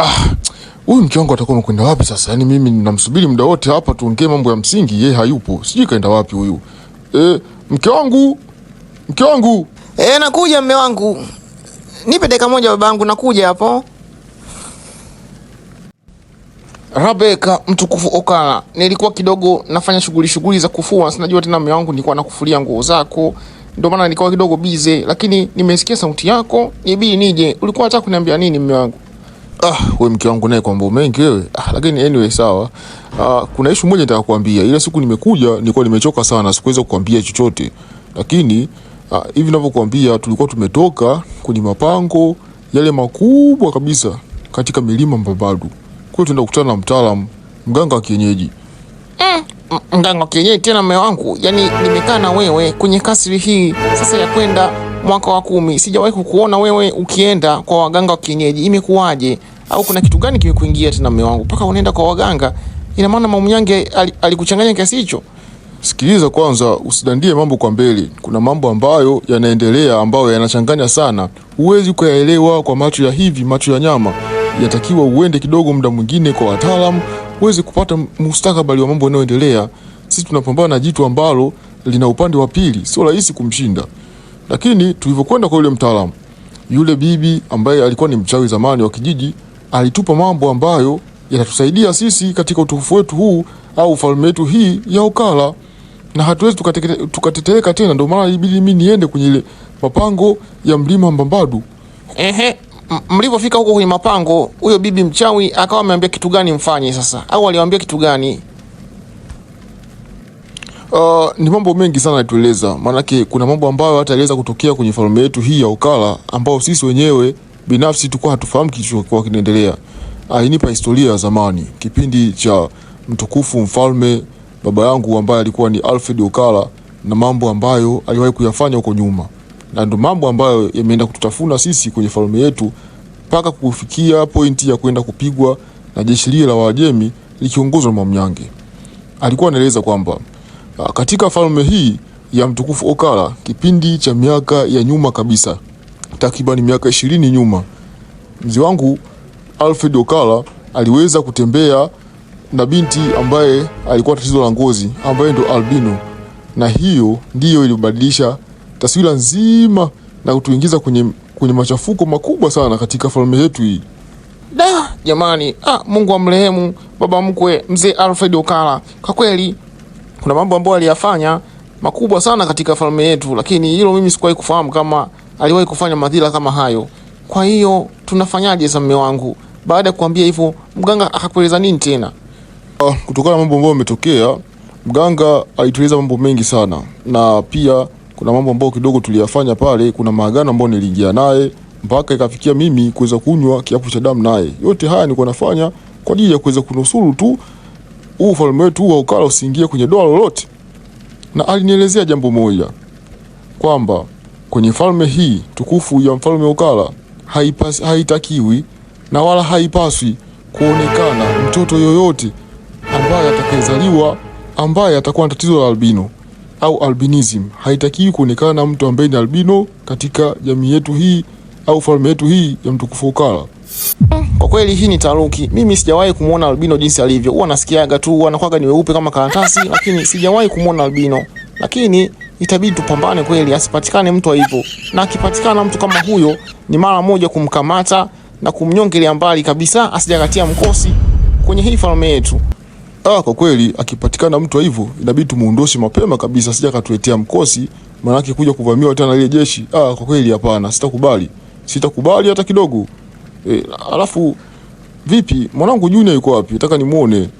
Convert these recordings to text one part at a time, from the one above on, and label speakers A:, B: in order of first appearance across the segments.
A: Ah, huyu mke wangu atakuwa amekwenda wapi sasa? Yaani mimi ninamsubiri muda wote hapa, tuongee mambo ya msingi, yeye hayupo. Sijui kaenda wapi huyu. Eh, mke wangu. Mke wangu. Eh, nakuja mme wangu. Nipe dakika moja babangu, nakuja hapo.
B: Rabeka mtukufu Okara, nilikuwa kidogo nafanya shughuli shughuli za kufua, sinajua tena mme wangu, nilikuwa nakufulia nguo zako, ndio maana nilikuwa kidogo bize, lakini nimesikia sauti yako, nibii nije. Ulikuwa unataka kuniambia nini mme wangu?
C: Ah, we mke wangu naye kwamba mambo mengi wewe. Ah, lakini anyway sawa. Ah, kuna issue moja nataka kukuambia. Ile siku nimekuja nilikuwa nimechoka sana, sikuweza kukuambia chochote. Lakini ah, hivi ninavyokuambia tulikuwa tumetoka kwenye mapango yale makubwa kabisa katika milima Mbabadu. Kwa tunaenda kukutana na mtaalamu, mganga wa kienyeji.
A: Eh, mganga wa kienyeji tena mume wangu. Yaani nimekaa na wewe kwenye kasri hii sasa ya kwenda mwaka wa kumi, sijawahi kukuona wewe ukienda kwa waganga wa kienyeji, imekuwaje? Au kuna kitu gani kimekuingia tena mume wangu mpaka unaenda kwa waganga? Ina maana maumu yange alikuchanganya kiasi hicho?
C: Sikiliza kwanza, usidandie mambo kwa mbele. Kuna mambo ambayo yanaendelea ambayo yanachanganya sana, huwezi kuyaelewa kwa macho ya hivi, macho ya nyama. Yatakiwa uende kidogo muda mwingine kwa wataalamu uweze kupata mustakabali wa mambo yanayoendelea. Sisi tunapambana na jitu ambalo lina upande wa pili, sio rahisi kumshinda. Lakini tulivyokwenda kwa yule mtaalamu, yule bibi ambaye alikuwa ni mchawi zamani wa kijiji alitupa mambo ambayo yatatusaidia sisi katika utukufu wetu huu au ufalme wetu hii ya Ukala, na hatuwezi tukatetereka tena. Ndio maana ibidi mimi niende kwenye ile mapango ya mlima Mbambadu.
A: Ehe, mlivyofika huko kwenye mapango, huyo bibi mchawi akawa ameambia kitu gani mfanye sasa, au aliwaambia kitu gani?
C: Uh, ni mambo mengi sana yatueleza, maanake kuna mambo ambayo hata hataliweza kutokea kwenye falme yetu hii ya Ukala ambao sisi wenyewe binafsi tulikuwa hatufahamu kilichokuwa kinaendelea. Alinipa ah, historia ya zamani, kipindi cha mtukufu mfalme baba yangu ambaye alikuwa ni Alfred Ukala na mambo ambayo aliwahi kuyafanya huko nyuma, na ndo mambo ambayo yameenda kututafuna sisi kwenye falme yetu mpaka kufikia pointi ya kwenda kupigwa na jeshi lile la Wajemi likiongozwa na Mamnyange. Alikuwa anaeleza kwamba Ah, katika falme hii ya mtukufu Okara, kipindi cha miaka ya nyuma kabisa, takriban miaka ishirini nyuma, mzee wangu Alfred Okara aliweza kutembea na binti ambaye alikuwa tatizo la ngozi ambaye ndo albino, na hiyo ndiyo ilibadilisha taswira nzima na kutuingiza kwenye, kwenye machafuko makubwa sana katika falme yetu hii.
A: Da jamani, ah, Mungu amrehemu baba mkwe mzee Alfred Okara kwa kweli
B: kuna mambo ambayo aliyafanya makubwa sana katika falme yetu, lakini hilo mimi sikuwahi kufahamu kama aliwahi kufanya madhila kama hayo. Kwa hiyo tunafanyaje sasa, mme wangu? Baada ya kuambia hivyo, mganga akakueleza nini tena?
C: Uh, kutokana na mambo ambayo yametokea, mganga alitueleza mambo mengi sana, na pia kuna mambo ambayo kidogo tuliyafanya pale. Kuna maagano ambayo niliingia naye mpaka ikafikia mimi kuweza kunywa kiapo cha damu naye. Yote haya nilikuwa nafanya kwa ajili ya kuweza kunusuru tu huu ufalme wetu huu wa ukala usiingie kwenye doa lolote. Na alinielezea jambo moja kwamba kwenye falme hii tukufu ya mfalme Ukala haipasi, haitakiwi na wala haipaswi kuonekana mtoto yoyote ambaye atakayezaliwa ambaye atakuwa na tatizo la albino au albinism. Haitakiwi kuonekana mtu ambaye ni albino katika jamii yetu hii au falme yetu hii ya mtukufu Ukala.
A: Kwa kweli hii ni taruki. Mimi sijawahi kumuona albino jinsi alivyo. Huwa nasikiaga tu anakuwaga ni weupe kama karatasi, lakini sijawahi kumuona albino. Lakini itabidi tupambane kweli, asipatikane mtu aipo, na akipatikana mtu kama huyo ni mara moja kumkamata na kumnyongelea mbali kabisa, asijakatia mkosi kwenye hii falme yetu.
C: Ah, kwa kweli akipatikana mtu hivyo inabidi tumuondoshe mapema kabisa, sija katuletea mkosi, maanake kuja kuvamiwa tena ile jeshi. Ah, kwa kweli hapana, sitakubali, sitakubali hata kidogo. E, alafu vipi mwanangu Junior yuko wapi? Nataka nimuone.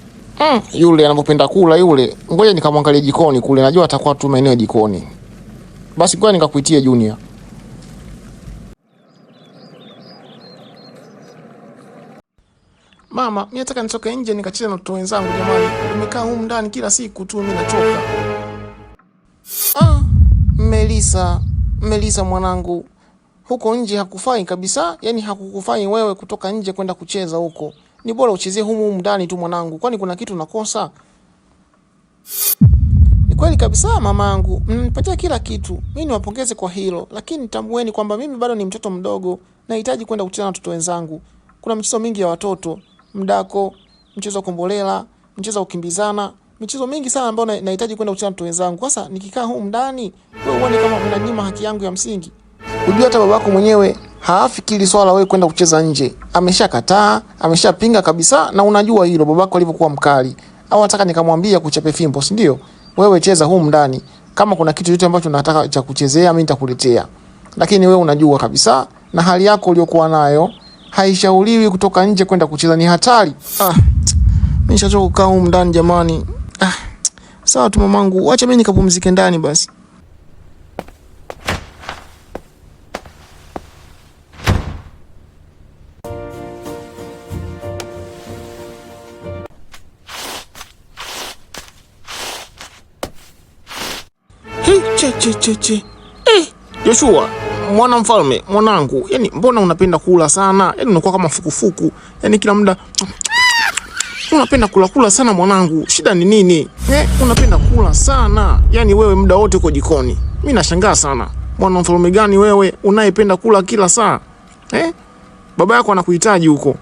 A: Mm, yule anapopenda kula yule. Ngoja nikamwangalie jikoni kule, najua atakuwa tu maeneo ya jikoni. Basi ngoja nikakuitia Junior.
D: Mama, mimi nataka nitoke nje nikacheze na watoto wenzangu jamani. Nimekaa huko ndani kila siku tu mimi nachoka. Ah, Melisa, Melisa mwanangu huko nje hakufai kabisa, yani hakukufai wewe kutoka nje kwenda kucheza huko. Ni bora uchezee humu humu ndani tu mwanangu, kwani kuna kitu nakosa? Ni kweli kabisa mamangu, mnipatia kila kitu. Mimi niwapongeze kwa hilo, lakini tambueni kwamba mimi bado ni mtoto mdogo, nahitaji kwenda kucheza na watoto wenzangu. Kuna michezo mingi ya watoto, mdako, mchezo wa kombolela, mchezo wa kukimbizana, michezo mingi sana ambayo nahitaji kwenda kucheza na watoto wenzangu. Sasa nikikaa humu ndani, wewe uone kama unanyima haki yangu ya msingi.
A: Ujua hata babako mwenyewe haafikiri swala wewe kwenda kucheza nje, ameshakataa, ameshapinga kabisa, na unajua hilo babako alivyokuwa mkali. Au nataka nikamwambia kuchape fimbo, si ndio? Wewe cheza huko ndani, kama kuna kitu yote ambacho nataka cha kuchezea mimi nitakuletea, lakini wewe unajua kabisa na hali yako uliyokuwa nayo haishauriwi kutoka nje kwenda kucheza, ni hatari.
D: Ah, mimi nishachoka kukaa huko ndani jamani. Ah, sawa tu mamangu, acha mimi nikapumzike ndani basi.
A: che, che, che, che. Eh, Joshua, mwana mfalme, mwanangu, yani mbona unapenda kula sana? Yani unakuwa kama fukufuku, yani kila muda unapenda kula kula sana mwanangu, shida ni nini eh? Unapenda kula sana yani, wewe muda wote uko jikoni. Mimi nashangaa sana, mwana mfalme gani wewe unayependa kula kila saa eh? Baba yako anakuhitaji huko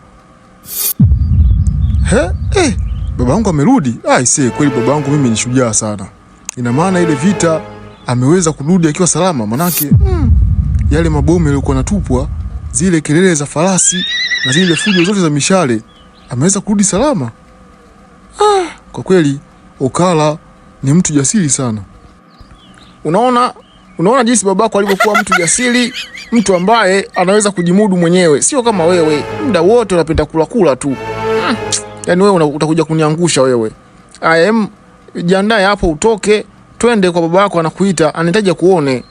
C: He, eh. Baba yangu amerudi? Aisee, kweli baba yangu mimi ni shujaa sana, ina maana ile vita ameweza kurudi akiwa salama, manake mm, yale mabomu yaliokuwa natupwa, zile kelele za farasi na zile fujo zote za mishale, ameweza kurudi salama. Ah, kwa kweli Okara ni mtu jasiri sana.
A: Unaona, unaona jinsi babako alivyokuwa mtu jasiri, mtu ambaye anaweza kujimudu mwenyewe, sio kama wewe muda wote unapenda kula kula tu. Hmm, yaani wewe utakuja kuniangusha wewe. Am, jiandae hapo utoke twende kwa baba yako, anakuita, anahitaji akuone.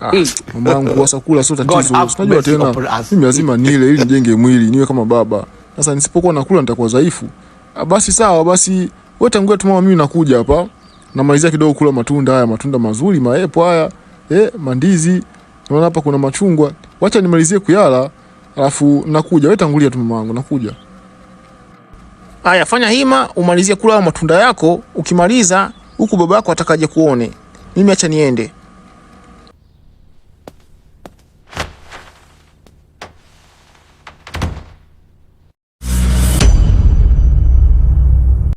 C: Ah, Mamangu wasakula sio tatizo, unajua tena mimi lazima nile ili nijenge mwili niwe kama baba. Sasa nisipokuwa nakula nitakuwa dhaifu. Ah, basi sawa, basi wewe tangulia tu mama, mimi nakuja hapa namalizia kidogo kula matunda haya, matunda mazuri maepo haya eh, mandizi. Naona hapa kuna machungwa, wacha nimalizie kuyala, alafu nakuja. Wewe tangulia tu mama wangu, nakuja.
A: Aya, fanya hima umalizie kula matunda yako. Ukimaliza huku baba yako atakaje kuone. Mimi acha niende.